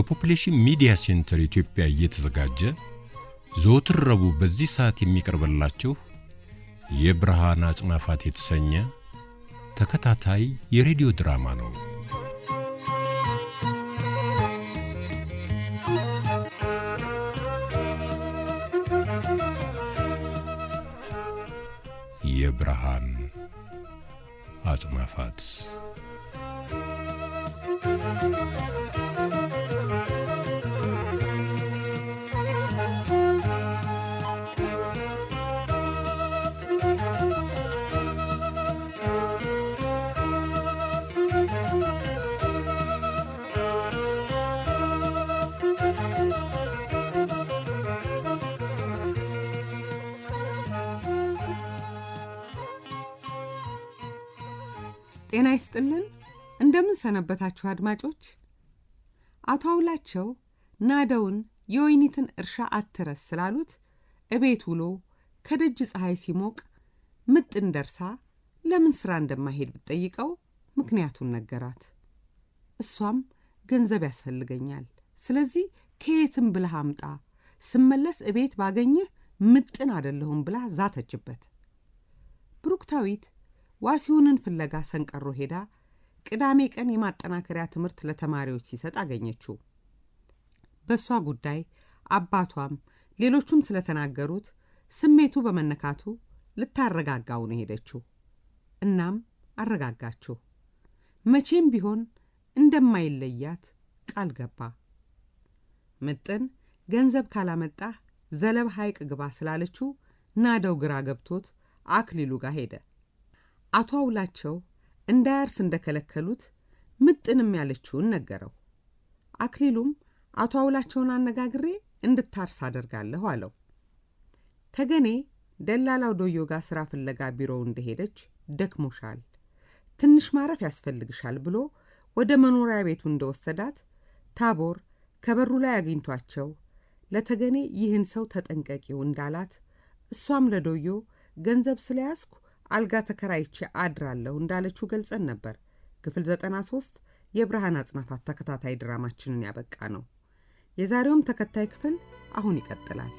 በፖፑሌሽን ሚዲያ ሴንተር ኢትዮጵያ እየተዘጋጀ ዘወትር ረቡዕ በዚህ ሰዓት የሚቀርብላችሁ የብርሃን አጽናፋት የተሰኘ ተከታታይ የሬዲዮ ድራማ ነው። የብርሃን አጽናፋት ጤና ይስጥልን እንደምን ሰነበታችሁ አድማጮች። አቶ አውላቸው ናደውን የወይኒትን እርሻ አትረስ ስላሉት እቤት ውሎ ከደጅ ፀሐይ ሲሞቅ ምጥን ደርሳ ለምን ሥራ እንደማሄድ ብትጠይቀው ምክንያቱን ነገራት። እሷም ገንዘብ ያስፈልገኛል፣ ስለዚህ ከየትም ብለህ አምጣ፣ ስመለስ እቤት ባገኘህ ምጥን አደለሁም ብላ ዛተችበት። ብሩክታዊት ዋሲሁንን ፍለጋ ሰንቀሮ ሄዳ ቅዳሜ ቀን የማጠናከሪያ ትምህርት ለተማሪዎች ሲሰጥ አገኘችው። በእሷ ጉዳይ አባቷም ሌሎቹም ስለተናገሩት ስሜቱ በመነካቱ ልታረጋጋው ነው ሄደችው። እናም አረጋጋችሁ። መቼም ቢሆን እንደማይለያት ቃል ገባ። ምጥን ገንዘብ ካላመጣህ ዘለብ ሐይቅ ግባ ስላለችው ናደው ግራ ገብቶት አክሊሉ ጋር ሄደ። አቶ አውላቸው እንዳያርስ እንደከለከሉት ምጥንም ያለችውን ነገረው። አክሊሉም አቶ አውላቸውን አነጋግሬ እንድታርስ አደርጋለሁ አለው። ተገኔ ደላላው ዶዮ ጋር ሥራ ፍለጋ ቢሮው እንደሄደች ደክሞሻል፣ ትንሽ ማረፍ ያስፈልግሻል ብሎ ወደ መኖሪያ ቤቱ እንደወሰዳት ታቦር ከበሩ ላይ አግኝቷቸው ለተገኔ ይህን ሰው ተጠንቀቂው እንዳላት እሷም ለዶዮ ገንዘብ ስለያዝኩ አልጋ ተከራይቼ አድራለሁ እንዳለችው ገልጸን ነበር። ክፍል 93 የብርሃን አጽናፋት ተከታታይ ድራማችንን ያበቃ ነው። የዛሬውም ተከታይ ክፍል አሁን ይቀጥላል።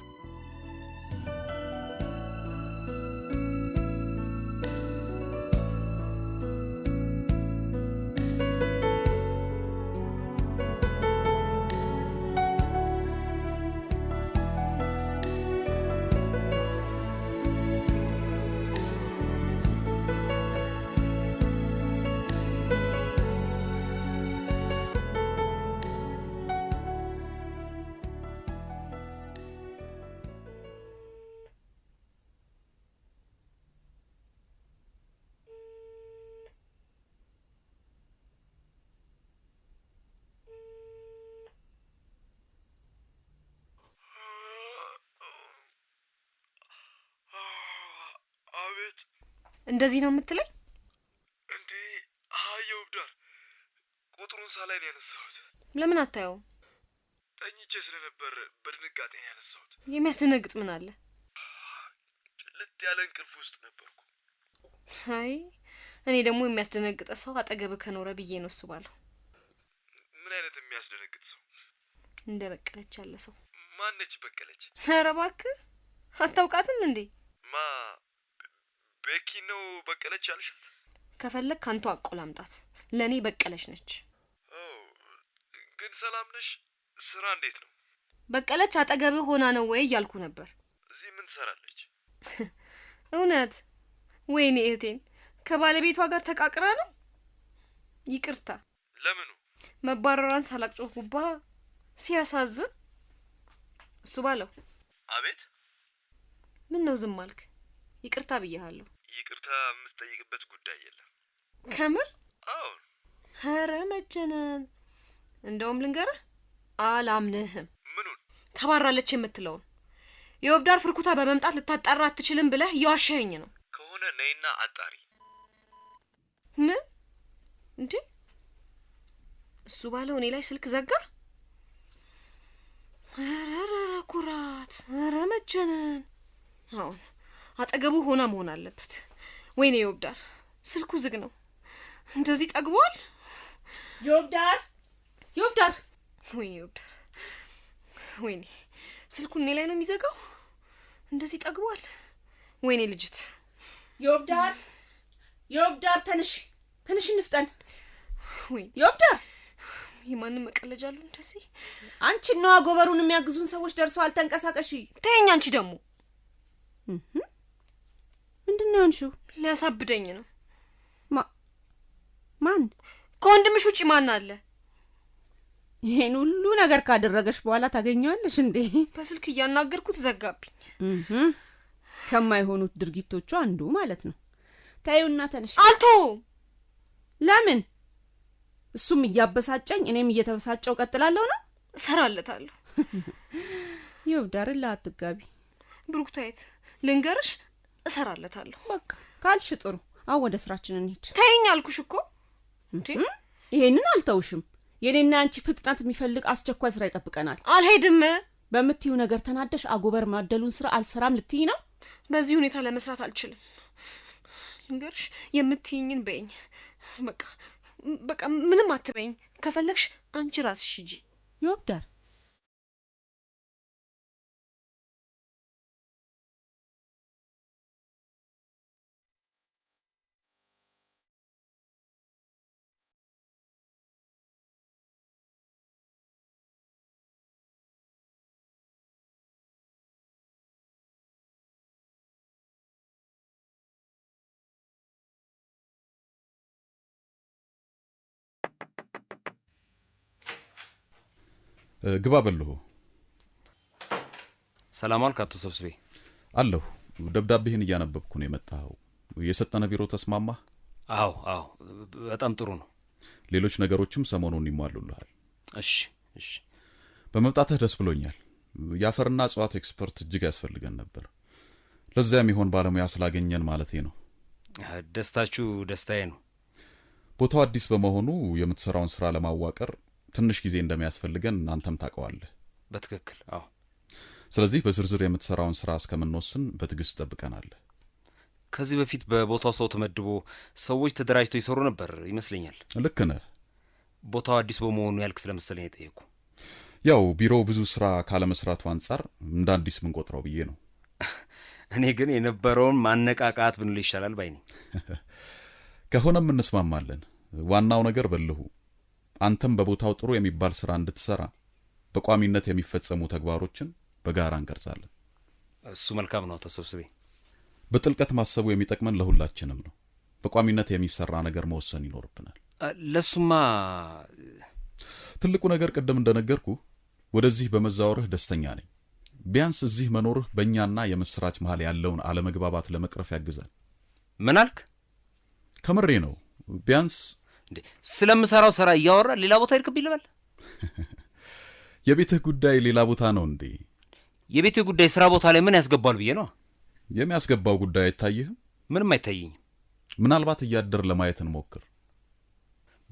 ማለት እንደዚህ ነው የምትለኝ እንዴ? አህየው እብዳር ቁጥሩን ሳላይ ነው ያነሳሁት። ለምን አታየው? ጠኝቼ ስለነበር በድንጋጤ ነው ያነሳሁት። የሚያስደነግጥ ምን አለ? ጭልጥ ያለ እንቅልፍ ውስጥ ነበርኩ። አይ እኔ ደግሞ የሚያስደነግጠ ሰው አጠገብ ከኖረ ብዬ ነው እስባለሁ። ምን አይነት የሚያስደነግጥ ሰው? እንደ በቀለች ያለ ሰው። ማነች በቀለች? ኧረ እባክህ አታውቃትም እንዴ? ማ በኪ ነው በቀለች አልሻት። ከፈለግ ከአንቱ አቆላምጣት። ለእኔ በቀለች ነች። ግን ሰላም ነሽ? ስራ እንዴት ነው? በቀለች አጠገብ ሆና ነው ወይ እያልኩ ነበር። እዚህ ምን ትሰራለች? እውነት ወይኔ እህቴን ከባለቤቷ ጋር ተቃቅራ ነው። ይቅርታ። ለምኑ? መባረሯን ሳላቅጮኩባ ሲያሳዝን። እሱ ባለው። አቤት። ምን ነው ዝም አልክ? ይቅርታ ብያሃለሁ። ይቅርታ የምትጠይቅበት ጉዳይ የለም። ከምር? አዎ። ኧረ መጀነን። እንደውም ልንገርህ፣ አላምንህም። ምኑን? ተባራለች የምትለውን የወብዳር ፍርኩታ በመምጣት ልታጣራ አትችልም ብለህ እየዋሸኸኝ ነው። ከሆነ ነይና አጣሪ። ምን እንዴ? እሱ ባለው እኔ ላይ ስልክ ዘጋ። ኧረ ኩራት! ኧረ መጀነን አሁን አጠገቡ ሆና መሆን አለበት። ወይኔ ዮብዳር፣ ስልኩ ዝግ ነው። እንደዚህ ጠግቧል። ዮብዳር፣ ዮብዳር፣ ወይኔ ዮብዳር፣ ወይኔ ስልኩ እኔ ላይ ነው የሚዘጋው። እንደዚህ ጠግቧል። ወይኔ ልጅት። ዮብዳር፣ ዮብዳር፣ ተንሽ፣ ትንሽ እንፍጠን። ወይኔ ዮብዳር፣ የማንም መቀለጃ አሉ እንደዚህ። አንቺ ነዋ። ጎበሩን የሚያግዙን ሰዎች ደርሰዋል። ተንቀሳቀሺ። ተይኝ አንቺ ደግሞ ምንድን ነው ያልሺው? ሊያሳብደኝ ነው። ማን? ከወንድምሽ ውጪ ማን አለ? ይህን ሁሉ ነገር ካደረገሽ በኋላ ታገኘዋለሽ እንዴ? በስልክ እያናገርኩት ዘጋብኝ። ከማይሆኑት ድርጊቶቹ አንዱ ማለት ነው። ታዩና ተነሽ። አልቶ ለምን? እሱም እያበሳጨኝ እኔም እየተበሳጨው ቀጥላለሁ ነው? እሰራለታለሁ። ይኸው ዳርን ላአትጋቢ ብሩክታይት ልንገርሽ እሰራለታለሁ። በቃ ካልሽ ጥሩ። አሁን ወደ ስራችን እንሂድ። ተይኝ አልኩሽ እኮ። ይሄንን አልተውሽም። የኔና አንቺ ፍጥነት የሚፈልግ አስቸኳይ ስራ ይጠብቀናል። አልሄድም በምትዩ ነገር ተናደሽ አጎበር ማደሉን ስራ አልሰራም ልትይ ነው? በዚህ ሁኔታ ለመስራት አልችልም። ልንገርሽ፣ የምትይኝን በይኝ። በቃ በቃ ምንም አትበይኝ። ከፈለግሽ አንቺ ራስሽ ሂጂ። ይወዳል ግባ በልሁ። ሰላም አልክ አቶ ሰብስቤ? አለሁ። ደብዳቤህን እያነበብኩ ነው የመጣኸው። የሰጠነ ቢሮ ተስማማ? አዎ አዎ፣ በጣም ጥሩ ነው። ሌሎች ነገሮችም ሰሞኑን ይሟሉልሃል። እሺ እሺ። በመምጣትህ ደስ ብሎኛል። የአፈርና እጽዋት ኤክስፐርት እጅግ ያስፈልገን ነበር። ለዚያም የሚሆን ባለሙያ ስላገኘን ማለቴ ነው። ደስታችሁ ደስታዬ ነው። ቦታው አዲስ በመሆኑ የምትሰራውን ስራ ለማዋቀር ትንሽ ጊዜ እንደሚያስፈልገን እናንተም ታውቀዋለህ። በትክክል አዎ። ስለዚህ በዝርዝር የምትሰራውን ስራ እስከምንወስን በትግስት ጠብቀናል። ከዚህ በፊት በቦታው ሰው ተመድቦ ሰዎች ተደራጅተው ይሰሩ ነበር ይመስለኛል። ልክ ነህ። ቦታው አዲስ በመሆኑ ያልክ ስለመሰለኝ የጠየቁ ያው ቢሮው ብዙ ስራ ካለመስራቱ አንጻር እንደ አዲስ ምንቆጥረው ብዬ ነው። እኔ ግን የነበረውን ማነቃቃት ብንል ይሻላል ባይ ነኝ። ከሆነም እንስማማለን። ዋናው ነገር በልሁ አንተም በቦታው ጥሩ የሚባል ስራ እንድትሰራ በቋሚነት የሚፈጸሙ ተግባሮችን በጋራ እንቀርጻለን። እሱ መልካም ነው። ተሰብስቤ በጥልቀት ማሰቡ የሚጠቅመን ለሁላችንም ነው። በቋሚነት የሚሰራ ነገር መወሰን ይኖርብናል። ለሱማ ትልቁ ነገር ቅድም እንደነገርኩ ወደዚህ በመዛወርህ ደስተኛ ነኝ። ቢያንስ እዚህ መኖርህ በእኛና የምስራች መሀል ያለውን አለመግባባት ለመቅረፍ ያግዛል። ምን አልክ? ከምሬ ነው። ቢያንስ እንዴ ስለምሰራው ስራ እያወራ ሌላ ቦታ ሄድክብኝ ይልበል። የቤትህ ጉዳይ ሌላ ቦታ ነው እንዴ? የቤትህ ጉዳይ ስራ ቦታ ላይ ምን ያስገባል ብዬ ነው። የሚያስገባው ጉዳይ አይታይህም? ምንም አይታየኝም። ምናልባት እያደር ለማየት እንሞክር።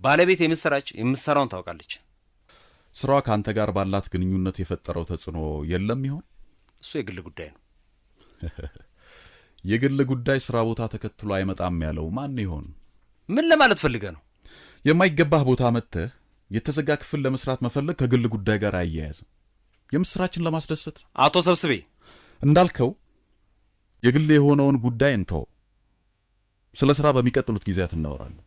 ባለቤት የምስራች የምሰራውን ታውቃለች። ስራዋ ከአንተ ጋር ባላት ግንኙነት የፈጠረው ተጽዕኖ የለም ይሆን? እሱ የግል ጉዳይ ነው። የግል ጉዳይ ስራ ቦታ ተከትሎ አይመጣም ያለው ማን ይሆን? ምን ለማለት ፈልገ ነው? የማይገባህ ቦታ መጥተህ የተዘጋ ክፍል ለመስራት መፈለግ ከግል ጉዳይ ጋር አያያዝም። የምስራችን ለማስደሰት አቶ ሰብስቤ እንዳልከው የግል የሆነውን ጉዳይ እንተው። ስለ ስራ በሚቀጥሉት ጊዜያት እናወራለን።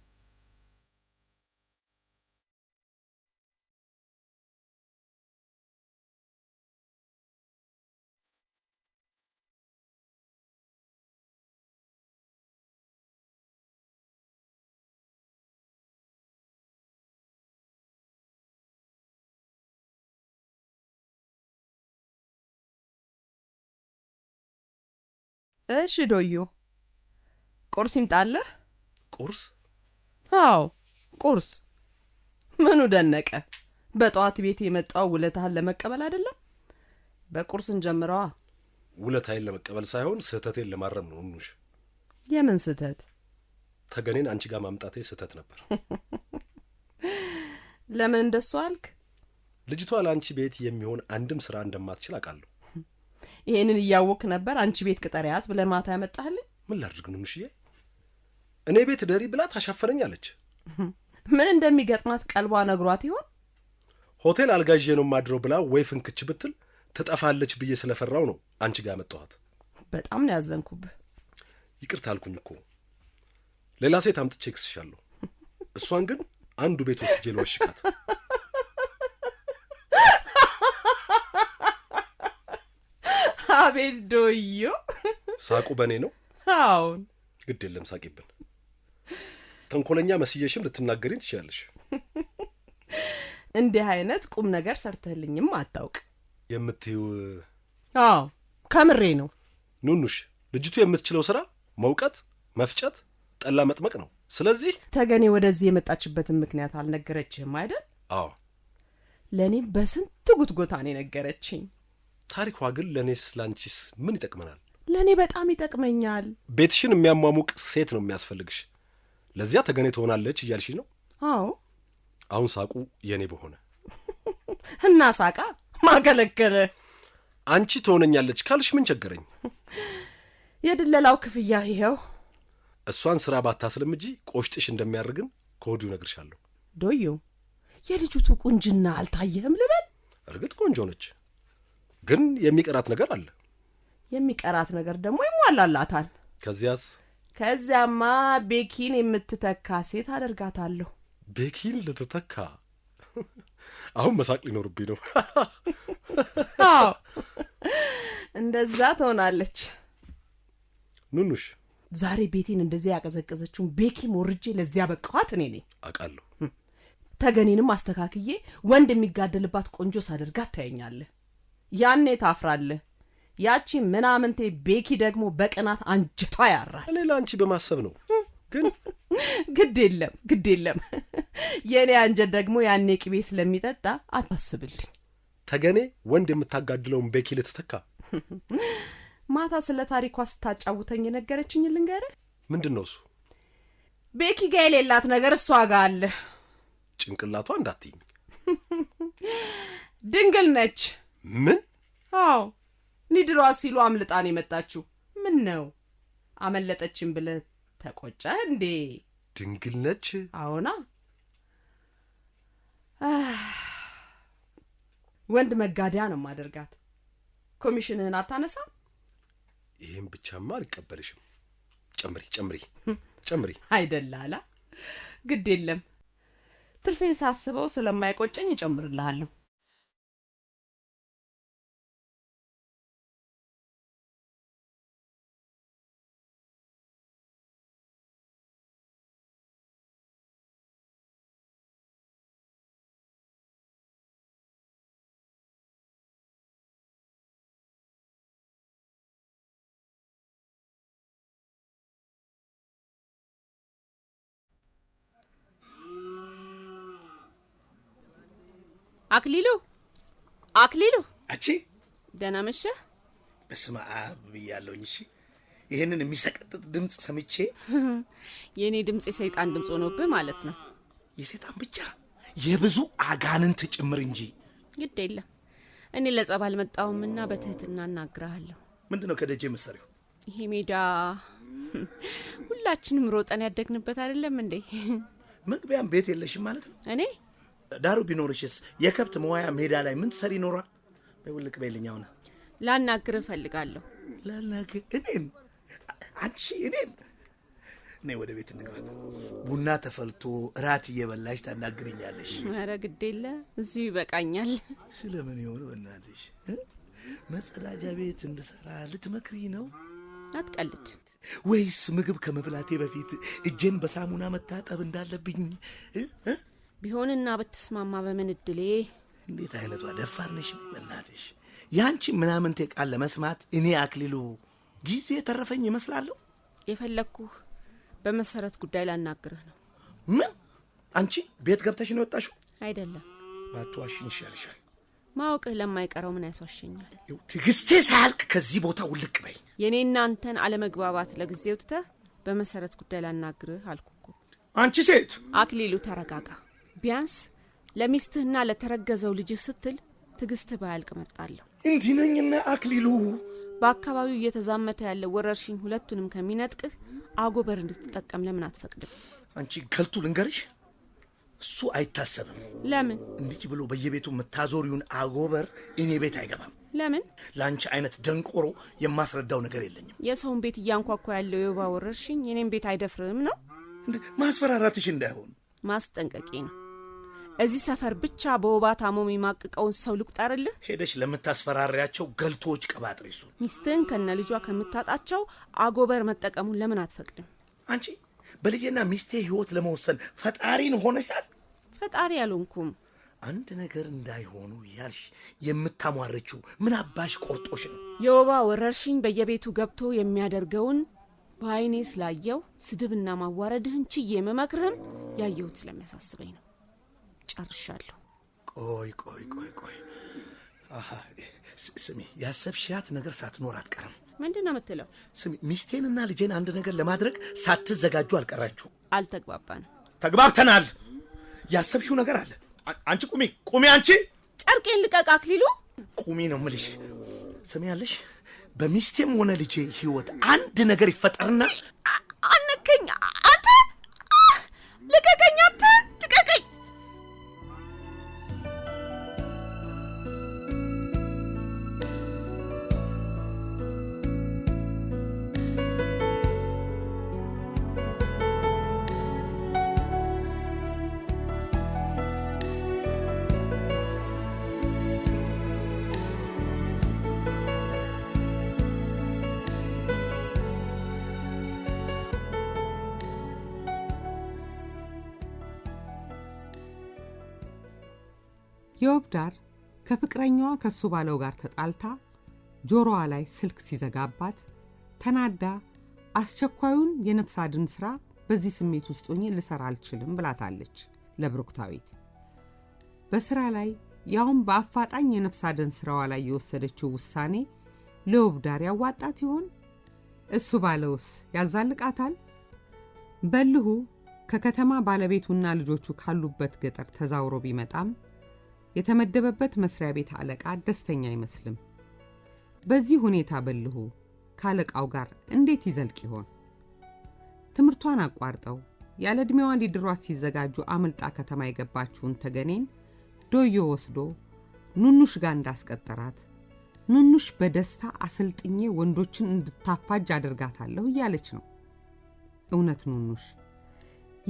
እሺ ዶዩ ቁርስ ይምጣልህ ቁርስ አዎ ቁርስ ምኑ ደነቀ በጠዋት ቤት የመጣው ውለታህን ለመቀበል አይደለም በቁርስን ጀምረዋ ውለታዬን ለመቀበል ሳይሆን ስህተቴን ለማረም ነው ኑሽ የምን ስህተት ተገኔን አንቺ ጋር ማምጣቴ ስህተት ነበር ለምን እንደሱ አልክ ልጅቷ ለአንቺ ቤት የሚሆን አንድም ስራ እንደማትችል አውቃለሁ ይሄንን እያወቅ ነበር አንቺ ቤት ቅጠሪያት ብለህ ማታ ያመጣህልኝ? ምን ላድርግ ነው እኔ ቤት ደሪ ብላ ታሻፈረኝ አለች። ምን እንደሚገጥማት ቀልቧ ነግሯት ይሆን? ሆቴል አልጋዤ ነው ማድረው ብላ ወይ ፍንክች ብትል ትጠፋለች ብዬ ስለፈራው ነው አንቺ ጋር መጣኋት። በጣም ነው ያዘንኩብህ። ይቅርታ አልኩኝ እኮ ሌላ ሴት አምጥቼ ክስሻለሁ። እሷን ግን አንዱ ቤት ወስጄ ልወሽቃት አቤት ዶዮ ሳቁ በእኔ ነው። አሁን ግድ የለም ሳቂብን። ተንኮለኛ መስየሽም ልትናገሪን ትችላለሽ። እንዲህ አይነት ቁም ነገር ሰርተህልኝም አታውቅ። የምትይው? አዎ ከምሬ ነው። ኑኑሽ ልጅቱ የምትችለው ስራ መውቀት፣ መፍጨት፣ ጠላ መጥመቅ ነው። ስለዚህ ተገኔ ወደዚህ የመጣችበትን ምክንያት አልነገረችህም አይደል? አዎ ለእኔም በስንት ጉትጎታ ነው የነገረችኝ። ታሪኳ ግን ለእኔስ ላንቺስ ምን ይጠቅመናል? ለእኔ በጣም ይጠቅመኛል። ቤትሽን የሚያሟሙቅ ሴት ነው የሚያስፈልግሽ። ለዚያ ተገኔ ትሆናለች እያልሽ ነው? አዎ። አሁን ሳቁ የእኔ በሆነ እና ሳቃ ማገለገለ አንቺ ትሆነኛለች ካልሽ ምን ቸገረኝ? የድለላው ክፍያ ይኸው። እሷን ስራ እጂ ቆሽጥሽ እንደሚያደርግን ከወዲሁ ነግርሻለሁ። ዶዮ የልጅቱ ቁንጅና አልታየህም ልበል? እርግጥ ቆንጆ ነች። ግን የሚቀራት ነገር አለ። የሚቀራት ነገር ደግሞ ይሟላላታል። ከዚያስ? ከዚያማ ቤኪን የምትተካ ሴት አደርጋታለሁ። ቤኪን ልትተካ? አሁን መሳቅ ሊኖርብኝ ነው። አዎ እንደዛ ትሆናለች። ኑኑሽ ዛሬ ቤቴን እንደዚያ ያቀዘቀዘችውን ቤኪ ሞርጄ ለዚያ በቃኋት እኔ ነኝ። አውቃለሁ። ተገኔንም አስተካክዬ ወንድ የሚጋደልባት ቆንጆ ሳደርጋት ታየኛለህ። ያኔ ታፍራለህ። ያቺ ምናምንቴ ቤኪ ደግሞ በቅናት አንጀቷ ያራል። ሌላ አንቺ በማሰብ ነው። ግን ግድ የለም ግድ የለም የእኔ አንጀት ደግሞ ያኔ ቅቤ ስለሚጠጣ አታስብልኝ። ተገኔ ወንድ የምታጋድለውን ቤኪ ልትተካ ማታ ስለ ታሪኳ ስታጫውተኝ የነገረችኝ ልንገርህ። ምንድን ነው እሱ? ቤኪ ጋ የሌላት ነገር እሷ ጋ አለ። ጭንቅላቷ እንዳትይኝ ድንግል ነች። ምን? አዎ ኒድሯ ሲሉ አምልጣን የመጣችሁ ምን ነው አመለጠችን ብለ ተቆጨህ እንዴ? ድንግል ነች። አዎና ወንድ መጋዳያ ነው ማደርጋት። ኮሚሽንህን አታነሳ። ይህም ብቻማ አልቀበልሽም። ጨምሪ ጨምሪ ጨምሪ። አይደላላ ግድ የለም ትርፌን ሳስበው ስለማይቆጨኝ እጨምርልሃለሁ። አክሊሉ አክሊሉ፣ አቺ ደህና መሸ። በስመ አብ ብያለሁኝ። እሺ፣ ይህንን የሚሰቀጥጥ ድምፅ ሰምቼ የእኔ ድምፅ የሰይጣን ድምፅ ሆኖብህ ማለት ነው። የሰይጣን ብቻ የብዙ አጋንንት ጭምር እንጂ ግድ የለም። እኔ ለጸብ አልመጣሁምና በትህትና እናግራለሁ። ምንድን ነው ከደጄ መሰሪው? ይሄ ሜዳ ሁላችንም ሮጠን ያደግንበት አይደለም እንዴ? መግቢያም ቤት የለሽም ማለት ነው? እኔ ዳሩ ቢኖርሽስ የከብት መዋያ ሜዳ ላይ ምን ትሰሪ ይኖራል? ውልቅ በልኛው ነ ላናግር እፈልጋለሁ። ላናግር? እኔን? አንቺ እኔን? እኔ ወደ ቤት እንግባ። ቡና ተፈልቶ እራት እየበላሽ ታናግርኛለሽ። ኧረ ግዴለ፣ እዚሁ ይበቃኛል። ስለምን ይሆን በእናትሽ? መጸዳጃ ቤት እንድሰራ ልትመክሪ ነው? አትቀልድ። ወይስ ምግብ ከመብላቴ በፊት እጄን በሳሙና መታጠብ እንዳለብኝ ቢሆንና ብትስማማ በምን እድሌ። እንዴት አይነቷ ደፋር ነሽ! በእናትሽ ያንቺ ምናምንቴ ቃል ለመስማት እኔ አክሊሉ ጊዜ የተረፈኝ ይመስላለሁ። የፈለግኩህ በመሰረት ጉዳይ ላናግርህ ነው። ምን? አንቺ ቤት ገብተሽ ነው የወጣሽው? አይደለም። ባትዋሽኝ ይሻልሻል። ማወቅህ ለማይቀረው ምን ያስዋሸኛል? ትዕግስቴ ሳያልቅ ከዚህ ቦታ ውልቅ በይ። የእኔ እናንተን አለመግባባት ለጊዜው ትተህ በመሰረት ጉዳይ ላናግርህ አልኩ እኮ። አንቺ ሴት አክሊሉ፣ ተረጋጋ። ቢያንስ ለሚስትህና ለተረገዘው ልጅህ ስትል ትግስት ባያልቅ መርጣለሁ። እንዲህ ነኝና አክሊሉ በአካባቢው እየተዛመተ ያለው ወረርሽኝ ሁለቱንም ከሚነጥቅህ አጎበር እንድትጠቀም ለምን አትፈቅድም? አንቺ ገልቱ ልንገርሽ፣ እሱ አይታሰብም። ለምን? እንዲህ ብሎ በየቤቱ የምታዞሪውን አጎበር እኔ ቤት አይገባም። ለምን? ለአንቺ አይነት ደንቆሮ የማስረዳው ነገር የለኝም። የሰውን ቤት እያንኳኳ ያለው የወባ ወረርሽኝ የኔም ቤት አይደፍርም ነው ማስፈራራትሽ እንዳይሆን ማስጠንቀቂ ነው። እዚህ ሰፈር ብቻ በወባ ታሞ የሚማቅቀውን ሰው ልቁጠርልህ? ሄደሽ ለምታስፈራሪያቸው ገልቶዎች ቀባጥሪሱ። ሚስትህን ከነ ልጇ ከምታጣቸው አጎበር መጠቀሙን ለምን አትፈቅድም? አንቺ በልጄና ሚስቴ ህይወት ለመወሰን ፈጣሪን ሆነሻል። ፈጣሪ አልሆንኩም። አንድ ነገር እንዳይሆኑ ያልሽ የምታሟርችው ምን አባሽ ቆርጦሽ ነው? የወባ ወረርሽኝ በየቤቱ ገብቶ የሚያደርገውን በአይኔ ስላየው ስድብና ማዋረድህን ችዬ መመክርህም ያየሁት ስለሚያሳስበኝ ነው። ጨርሻለሁ። ቆይ ቆይ ቆይ ቆይ፣ ስሚ፣ ያሰብሽያት ነገር ሳትኖር አትቀርም። ምንድን ነው የምትለው? ስሚ፣ ሚስቴንና ልጄን አንድ ነገር ለማድረግ ሳትዘጋጁ አልቀራችሁ። አልተግባባን ተግባብተናል። ያሰብሽው ነገር አለ። አንቺ ቁሚ፣ ቁሚ! አንቺ ጨርቄን ልቀቅ። አክሊሉ ቁሚ ነው ምልሽ። ስሚ ያለሽ በሚስቴም ሆነ ልጄ ህይወት አንድ ነገር ይፈጠርና አነከኝ ዳር ከፍቅረኛዋ ከሱ ባለው ጋር ተጣልታ ጆሮዋ ላይ ስልክ ሲዘጋባት ተናዳ አስቸኳዩን የነፍስ አድን ሥራ በዚህ ስሜት ውስጥ ሆኜ ልሠራ አልችልም ብላታለች ለብሩክታዊት። በሥራ ላይ ያውም በአፋጣኝ የነፍስ አድን ሥራዋ ላይ የወሰደችው ውሳኔ ለውብ ዳር ያዋጣት ይሆን? እሱ ባለውስ ያዛልቃታል? በልሁ ከከተማ ባለቤቱና ልጆቹ ካሉበት ገጠር ተዛውሮ ቢመጣም የተመደበበት መስሪያ ቤት አለቃ ደስተኛ አይመስልም። በዚህ ሁኔታ በልሁ ከአለቃው ጋር እንዴት ይዘልቅ ይሆን? ትምህርቷን አቋርጠው ያለ ዕድሜዋ ሊድሯት ሲዘጋጁ አምልጣ ከተማ የገባችውን ተገኔን ዶዮ ወስዶ ኑኑሽ ጋር እንዳስቀጠራት ኑኑሽ በደስታ አሰልጥኜ ወንዶችን እንድታፋጅ አድርጋታለሁ እያለች ነው። እውነት ኑኑሽ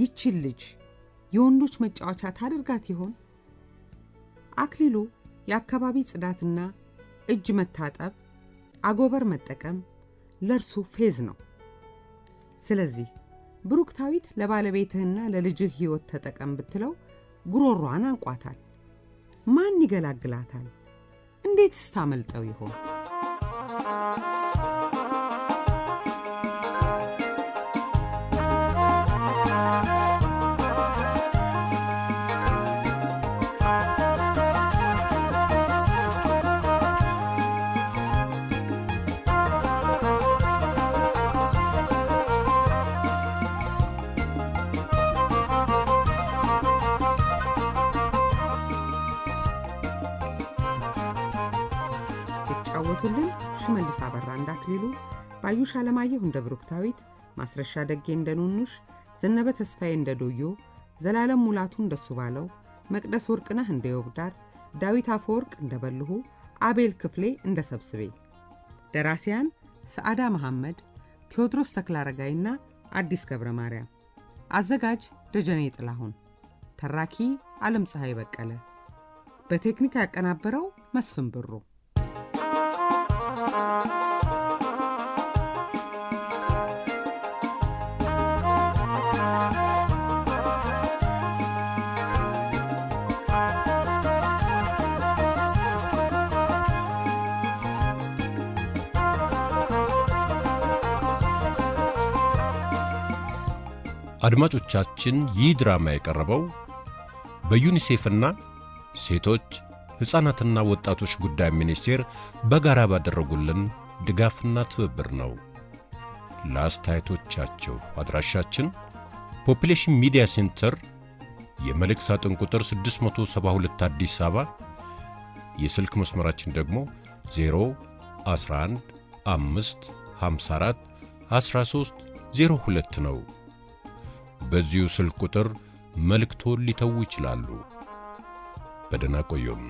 ይችን ልጅ የወንዶች መጫወቻ ታደርጋት ይሆን? አክሊሉ የአካባቢ ጽዳትና እጅ መታጠብ፣ አጎበር መጠቀም ለእርሱ ፌዝ ነው። ስለዚህ ብሩክታዊት ለባለቤትህና ለልጅህ ሕይወት ተጠቀም ብትለው ጉሮሯን አንቋታል። ማን ይገላግላታል? እንዴትስ ታመልጠው ይሆን? የጻፉልን ሽመልስ አበራ እንዳክሊሉ፣ ባዩሽ አለማየሁ እንደ ብሩክታዊት፣ ማስረሻ ደጌ እንደ ኑኑሽ፣ ዘነበ ተስፋዬ እንደ ዶዮ፣ ዘላለም ሙላቱ እንደ እሱ ባለው፣ መቅደስ ወርቅነህ እንደ ዮብዳር፣ ዳዊት አፈወርቅ እንደ በልሁ፣ አቤል ክፍሌ እንደ ሰብስቤ። ደራሲያን ሰዓዳ መሐመድ፣ ቴዎድሮስ ተክላረጋይና አዲስ ገብረ ማርያም። አዘጋጅ ደጀኔ ጥላሁን። ተራኪ ዓለም ፀሐይ በቀለ። በቴክኒክ ያቀናበረው መስፍን ብሩ አድማጮቻችን ይህ ድራማ የቀረበው በዩኒሴፍና ሴቶች ሕፃናትና ወጣቶች ጉዳይ ሚኒስቴር በጋራ ባደረጉልን ድጋፍና ትብብር ነው። ለአስተያየቶቻቸው አድራሻችን ፖፕሌሽን ሚዲያ ሴንተር የመልእክት ሳጥን ቁጥር 672 አዲስ አበባ፣ የስልክ መስመራችን ደግሞ 011 554 13 ነው። በዚሁ ስልክ ቁጥር መልእክቶን ሊተዉ ይችላሉ። በደህና ቆዩም።